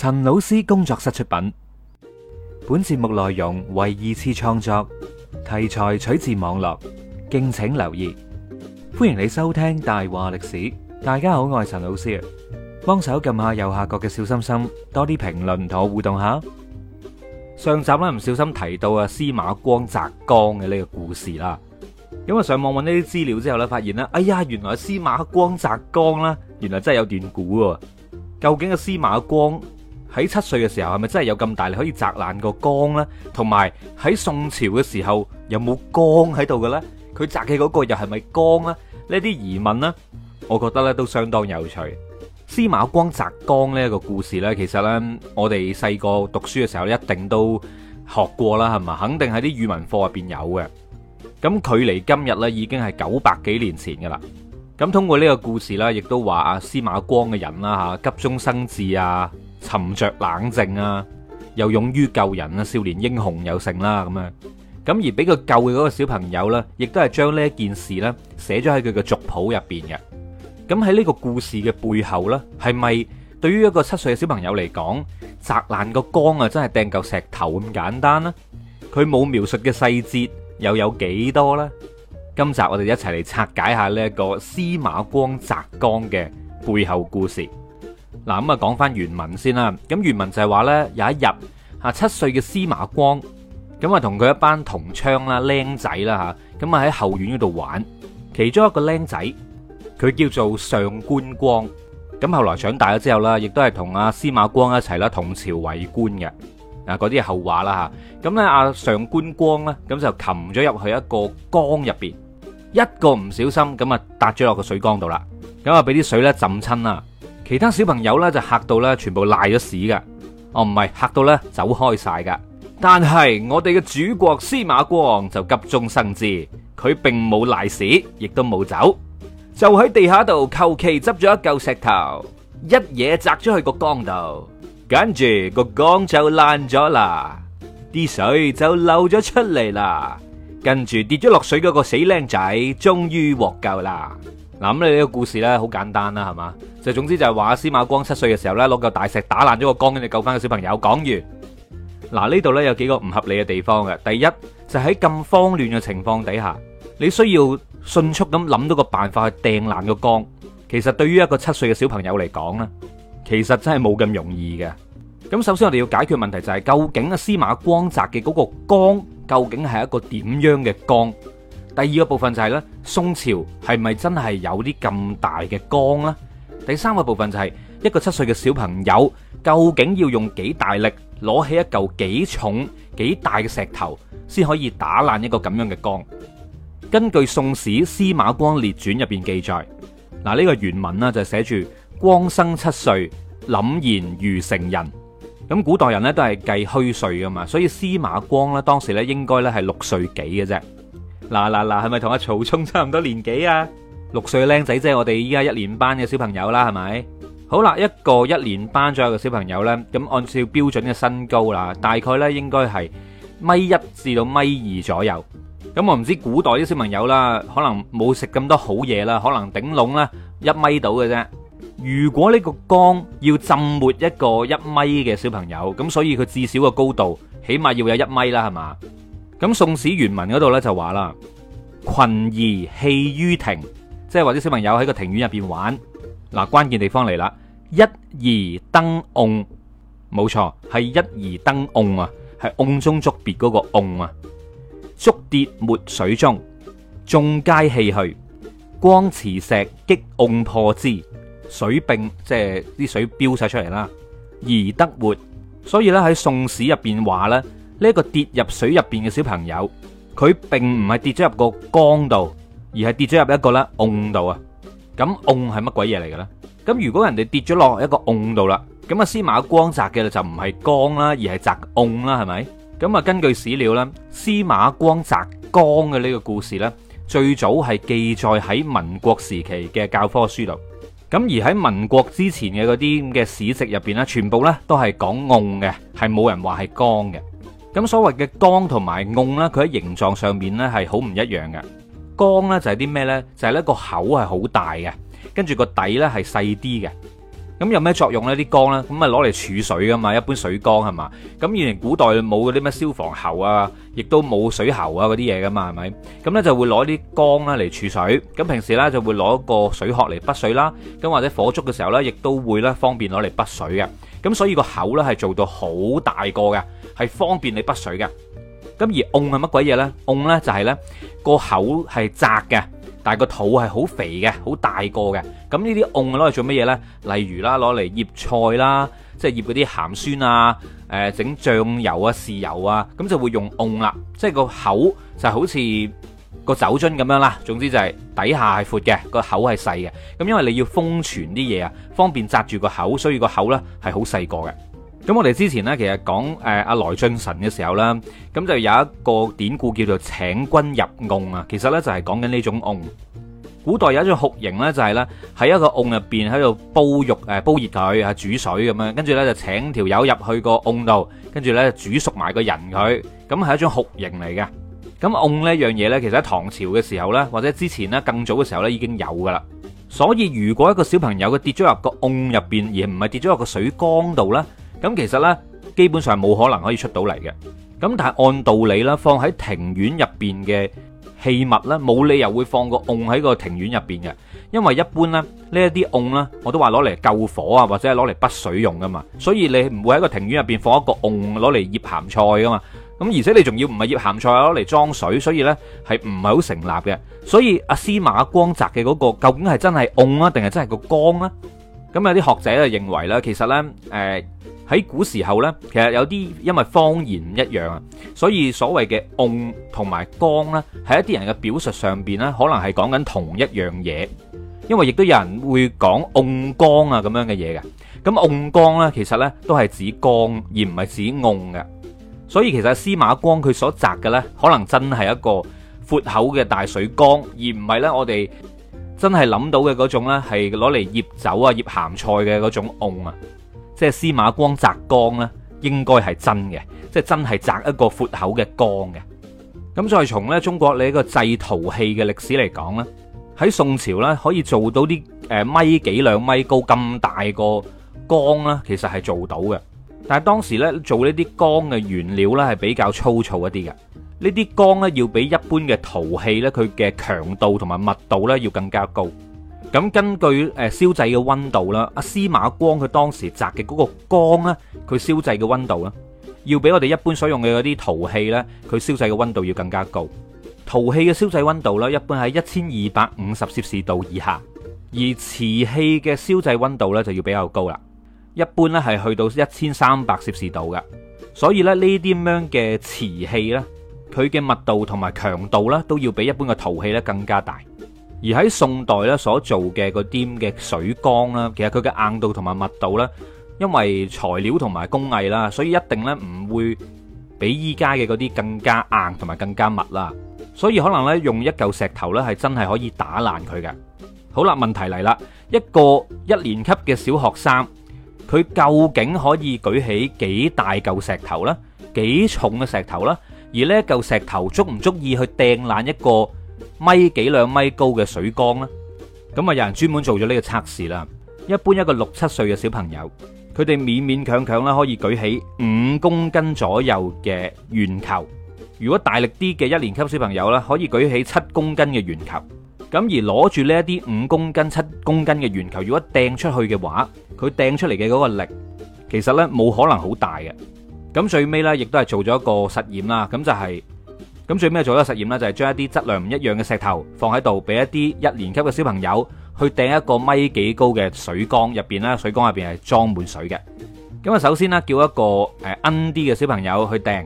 陳老師工作室出品，本節目內容為二次創作，題材取自網絡，敬請留意。歡迎你收聽大話歷史。大家好，我係陳老師啊，幫手撳下右下角嘅小心心，多啲評論同我互動下。上集咧唔小心提到啊司馬光砸缸嘅呢個故事啦，因為上網揾呢啲資料之後呢，發現呢，哎呀，原來司馬光砸缸啦，原來真係有段古，究竟嘅司馬光？喺七歲嘅時候，係咪真係有咁大力，你可以砸爛個缸咧？同埋喺宋朝嘅時候，有冇缸喺度嘅咧？佢砸嘅嗰個又係咪缸咧？呢啲疑問呢，我覺得呢都相當有趣。司馬光砸缸呢一個故事呢，其實呢，我哋細個讀書嘅時候一定都學過啦，係咪？肯定喺啲語文課入邊有嘅。咁距離今日呢已經係九百幾年前噶啦。咁通過呢個故事啦，亦都話啊，司馬光嘅人啦，吓急中生智啊。沉着冷靜啊，又勇於救人啊，少年英雄有成啦咁啊！咁而俾佢救嘅嗰個小朋友咧，亦都係將呢一件事咧寫咗喺佢嘅族譜入邊嘅。咁喺呢個故事嘅背後咧，係咪對於一個七歲嘅小朋友嚟講，砸爛個缸啊，真係掟嚿石頭咁簡單咧？佢冇描述嘅細節又有幾多咧？今集我哋一齊嚟拆解下呢一個司馬光砸缸嘅背後故事。嗱，咁啊，講翻原文先啦。咁原文就係話呢，有一日，吓七歲嘅司馬光，咁啊，同佢一班同窗啦、僆仔啦，吓，咁啊，喺後院嗰度玩。其中一個僆仔，佢叫做上官光。咁後來長大咗之後啦，亦都係同阿司馬光一齊啦，同朝為官嘅。嗱，嗰啲後話啦吓。咁呢阿上官光呢，咁就擒咗入去一個缸入邊，一個唔小心，咁啊，笪咗落個水缸度啦。咁啊，俾啲水呢浸親啦。其他小朋友咧就吓到咧，全部賴咗屎噶。哦,唔係吓到咧，走開晒噶。但係我哋嘅主角司馬光就急中生智，佢並冇賴屎，亦都冇走，就喺地下度求其執咗一嚿石頭，一嘢砸咗去個缸度，跟住個缸就爛咗啦，啲水就漏咗出嚟啦。跟住跌咗落水嗰個死僆仔終於獲救啦。嗱，咁你呢個故事咧好簡單啦，係嘛？就總之就係話司馬光七歲嘅時候呢，攞嚿大石打爛咗個缸，跟住救翻個小朋友。講完。嗱，呢度呢有幾個唔合理嘅地方嘅。第一就喺咁慌亂嘅情況底下，你需要迅速咁諗到個辦法去掟爛個缸。其實對於一個七歲嘅小朋友嚟講呢，其實真係冇咁容易嘅。咁首先我哋要解決問題就係究竟阿司馬光砸嘅嗰個缸究竟係一個點樣嘅缸？第二個部分就係呢，宋朝係咪真係有啲咁大嘅缸呢？第三個部分就係、是、一個七歲嘅小朋友，究竟要用幾大力攞起一嚿幾重、幾大嘅石頭，先可以打爛一個咁樣嘅缸？根據《宋史·司馬光列傳》入邊記載，嗱、這、呢個原文呢，就寫住：光生七歲，凜然如成人。咁古代人呢，都係計虛歲噶嘛，所以司馬光呢，當時呢應該咧係六歲幾嘅啫。嗱嗱嗱，係咪同阿曹沖差唔多年紀啊？六歲靚仔即係我哋依家一年班嘅小朋友啦，係咪好啦？一個一年班左右嘅小朋友咧，咁按照標準嘅身高啦，大概咧應該係米一至到米二左右。咁我唔知古代啲小朋友啦，可能冇食咁多好嘢啦，可能頂籠咧一米到嘅啫。如果呢個缸要浸沒一個一米嘅小朋友，咁所以佢至少個高度起碼要有一米啦，係嘛？咁《宋史》原文嗰度咧就話啦，羣兒戲於庭。即係或者小朋友喺個庭院入邊玩，嗱、啊、關鍵地方嚟啦，一兒登瓮，冇錯係一兒登瓮啊，係瓮中捉鱉嗰個瓮啊，足跌沒水中，眾皆棄去，光持石擊瓮破之，水迸即係啲水飆晒出嚟啦，兒得活。所以咧喺《宋史》入邊話咧，呢一個跌入水入邊嘅小朋友，佢並唔係跌咗入個缸度。而係跌咗入一個啦，甕度啊！咁甕係乜鬼嘢嚟嘅咧？咁如果人哋跌咗落一個甕度啦，咁啊，司馬光砸嘅就唔係缸啦，而係砸甕啦，係咪？咁啊，根據史料咧，司馬光砸缸嘅呢個故事咧，最早係記載喺民國時期嘅教科書度。咁而喺民國之前嘅嗰啲咁嘅史籍入邊咧，全部咧都係講甕嘅，係冇人話係缸嘅。咁所謂嘅缸同埋甕啦，佢喺形狀上面咧係好唔一樣嘅。缸呢就係啲咩呢？就係呢個口係好大嘅，跟住個底呢係細啲嘅。咁有咩作用呢？啲缸呢，咁啊攞嚟儲水噶嘛，一般水缸係嘛。咁以前古代冇嗰啲咩消防喉啊，亦都冇水喉啊嗰啲嘢噶嘛，係咪？咁呢就會攞啲缸啦嚟儲水。咁平時呢就會攞個水殼嚟滗水啦。咁或者火燭嘅時候呢，亦都會呢方便攞嚟滗水嘅。咁所以個口呢，係做到好大個嘅，係方便你滗水嘅。咁而甕係乜鬼嘢呢？甕呢就係呢個口係窄嘅，但係個肚係好肥嘅，好大個嘅。咁呢啲甕攞嚟做乜嘢呢？例如啦，攞嚟醃菜啦，即係醃嗰啲鹹酸啊，誒、呃、整醬油啊、豉油啊，咁就會用甕啦。即係個口就好似個酒樽咁樣啦。總之就係底下係闊嘅，個口係細嘅。咁因為你要封存啲嘢啊，方便紮住個口，所以個口呢係好細個嘅。咁我哋之前咧，其實講誒阿來俊臣嘅時候啦，咁就有一個典故叫做請君入甕啊。其實咧就係講緊呢種甕。古代有一種酷刑咧，就係咧喺一個甕入邊喺度煲肉，誒，煲熱佢啊，煮水咁樣，跟住咧就請條友入去個甕度，跟住咧煮熟埋個人佢。咁係一種酷刑嚟嘅。咁甕呢樣嘢咧，其實喺唐朝嘅時候咧，或者之前咧更早嘅時候咧已經有噶啦。所以如果一個小朋友佢跌咗入個甕入邊，而唔係跌咗入個水缸度咧。咁其實咧，基本上係冇可能可以出到嚟嘅。咁但係按道理啦，放喺庭院入邊嘅器物咧，冇理由會放個甕喺個庭院入邊嘅，因為一般咧呢一啲甕咧，我都話攞嚟救火啊，或者係攞嚟潑水用噶嘛。所以你唔會喺個庭院入邊放一個甕攞嚟醃鹹菜噶嘛。咁而且你仲要唔係醃鹹菜，攞嚟裝水，所以咧係唔係好成立嘅。所以阿司馬光宅嘅嗰個究竟係真係甕啊，定係真係個缸啊？咁有啲學者就認為咧，其實咧，誒。喺古時候呢，其實有啲因為方言唔一樣啊，所以所謂嘅甕同埋缸呢，喺一啲人嘅表述上邊呢，可能係講緊同一樣嘢，因為亦都有人會講甕缸啊咁樣嘅嘢嘅。咁甕缸呢，其實呢都係指缸而唔係指甕嘅。所以其實司馬光佢所摘嘅呢，可能真係一個闊口嘅大水缸，而唔係呢，我哋真係諗到嘅嗰種呢，係攞嚟醃酒啊、醃鹹菜嘅嗰種甕啊。即係司馬光砸缸咧，應該係真嘅，即係真係砸一個闊口嘅缸嘅。咁再從咧中國呢個製陶器嘅歷史嚟講咧，喺宋朝呢可以做到啲誒、呃、米幾兩米高咁大個缸啦，其實係做到嘅。但係當時咧做呢啲缸嘅原料咧係比較粗糙一啲嘅，呢啲缸咧要比一般嘅陶器咧佢嘅強度同埋密度咧要更加高。咁根據誒燒製嘅温度啦，阿司馬光佢當時砸嘅嗰個缸咧，佢燒製嘅温度咧，要比我哋一般所用嘅嗰啲陶器咧，佢燒製嘅温度要更加高。陶器嘅燒製温度咧，一般喺一千二百五十攝氏度以下，而瓷器嘅燒製温度咧就要比較高啦，一般咧係去到一千三百攝氏度嘅。所以咧呢啲咁樣嘅瓷器咧，佢嘅密度同埋強度咧都要比一般嘅陶器咧更加大。而喺宋代咧所做嘅嗰啲嘅水缸啦，其實佢嘅硬度同埋密度咧，因為材料同埋工藝啦，所以一定咧唔會比依家嘅嗰啲更加硬同埋更加密啦。所以可能咧用一嚿石頭咧係真係可以打爛佢嘅。好啦，問題嚟啦，一個一年級嘅小學生，佢究竟可以舉起幾大嚿石頭啦？幾重嘅石頭啦？而呢一嚿石頭足唔足以去掟爛一個米幾兩米高嘅水缸啦，咁啊有人專門做咗呢個測試啦。一般一個六七歲嘅小朋友，佢哋勉勉強強啦可以舉起五公斤左右嘅圓球。如果大力啲嘅一年級小朋友啦，可以舉起七公斤嘅圓球。咁而攞住呢一啲五公斤、七公斤嘅圓球，如果掟出去嘅話，佢掟出嚟嘅嗰個力，其實咧冇可能好大嘅。咁最尾呢，亦都係做咗一個實驗啦，咁就係、是。咁最尾做咗個實驗咧，就係將一啲質量唔一樣嘅石頭放喺度，俾一啲一年級嘅小朋友去掟一個米幾高嘅水缸入邊咧，水缸入邊係裝滿水嘅。咁啊，首先咧叫一個誒 N 啲嘅小朋友去掟，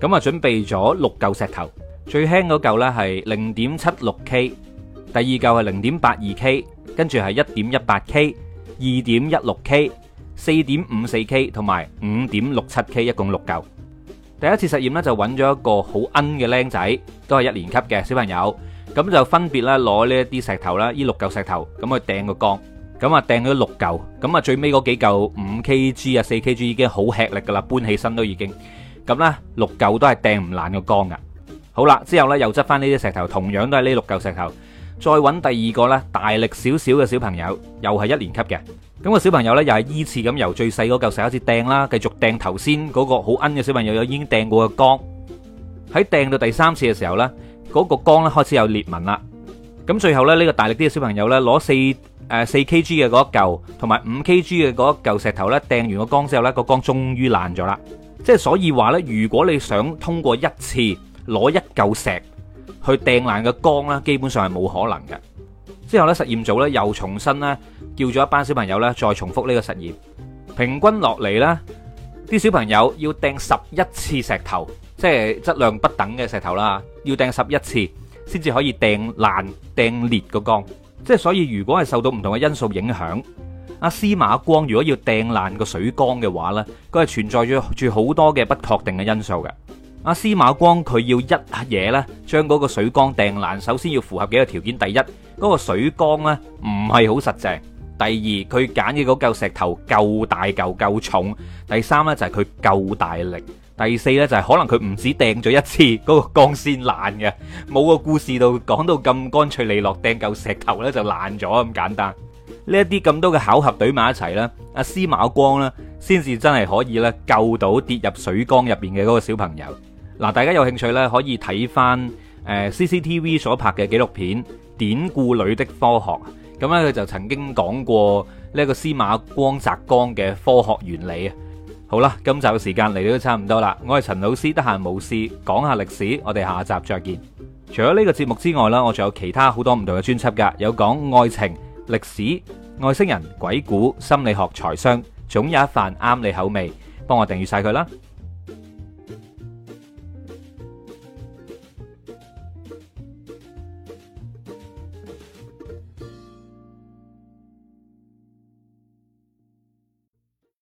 咁啊準備咗六嚿石頭，最輕嗰嚿咧係零點七六 K，第二嚿係零點八二 K，跟住係一點一八 K、二點一六 K、四點五四 K 同埋五點六七 K，一共六嚿。第一次實驗咧，就揾咗一個好奀嘅僆仔，都係一年級嘅小朋友，咁就分別咧攞呢一啲石頭啦，呢六嚿石頭，咁去掟個缸，咁啊掟咗六嚿，咁啊最尾嗰幾嚿五 Kg 啊四 Kg 已經好吃力噶啦，搬起身都已經，咁咧六嚿都係掟唔爛個缸噶。好啦，之後咧又執翻呢啲石頭，同樣都係呢六嚿石頭，再揾第二個咧大力少少嘅小朋友，又係一年級嘅。咁個小朋友呢，又係依次咁由最細嗰嚿石開始掟啦，繼續掟頭先嗰個好奀嘅小朋友有已經掟過個缸，喺掟到第三次嘅時候呢，嗰、嗰個缸呢開始有裂紋啦。咁最後呢，呢、呢個大力啲嘅小朋友呢，攞四誒四 K G 嘅嗰嚿，同埋五 K G 嘅嗰嚿石頭呢，掟完個缸之後呢，個缸終於爛咗啦。即係所以話呢，如果你想通過一次攞一嚿石去掟爛個缸呢，基本上係冇可能嘅。之後咧，實驗組咧又重新咧叫咗一班小朋友咧再重複呢個實驗，平均落嚟呢，啲小朋友要掟十一次石頭，即係質量不等嘅石頭啦，要掟十一次先至可以掟爛掟裂個缸，即係所以如果係受到唔同嘅因素影響，阿司馬光如果要掟爛個水缸嘅話呢，佢係存在住住好多嘅不確定嘅因素嘅。阿司馬光佢要一嘢呢，將嗰個水缸掟爛，首先要符合幾個條件：第一，嗰個水缸呢唔係好實淨；第二，佢揀嘅嗰嚿石頭夠大、夠重；第三呢，就係佢夠大力；第四呢，就係可能佢唔止掟咗一次，嗰個缸先爛嘅，冇個故事度講到咁乾脆利落，掟嚿石頭呢就爛咗咁簡單。呢一啲咁多嘅巧合堆埋一齊咧，阿司馬光呢，先至真係可以咧救到跌入水缸入邊嘅嗰個小朋友。嗱，大家有興趣呢，可以睇翻誒 CCTV 所拍嘅紀錄片《典故裏的科學》。咁呢，佢就曾經講過呢個司馬光砸缸嘅科學原理啊。好啦，今集嘅時間嚟到都差唔多啦，我係陳老師，得閒冇事講下歷史，我哋下集再見。除咗呢個節目之外呢，我仲有其他好多唔同嘅專輯噶，有講愛情、歷史。外星人、鬼故、心理學、財商，總有一份啱你口味，幫我訂閱晒佢啦！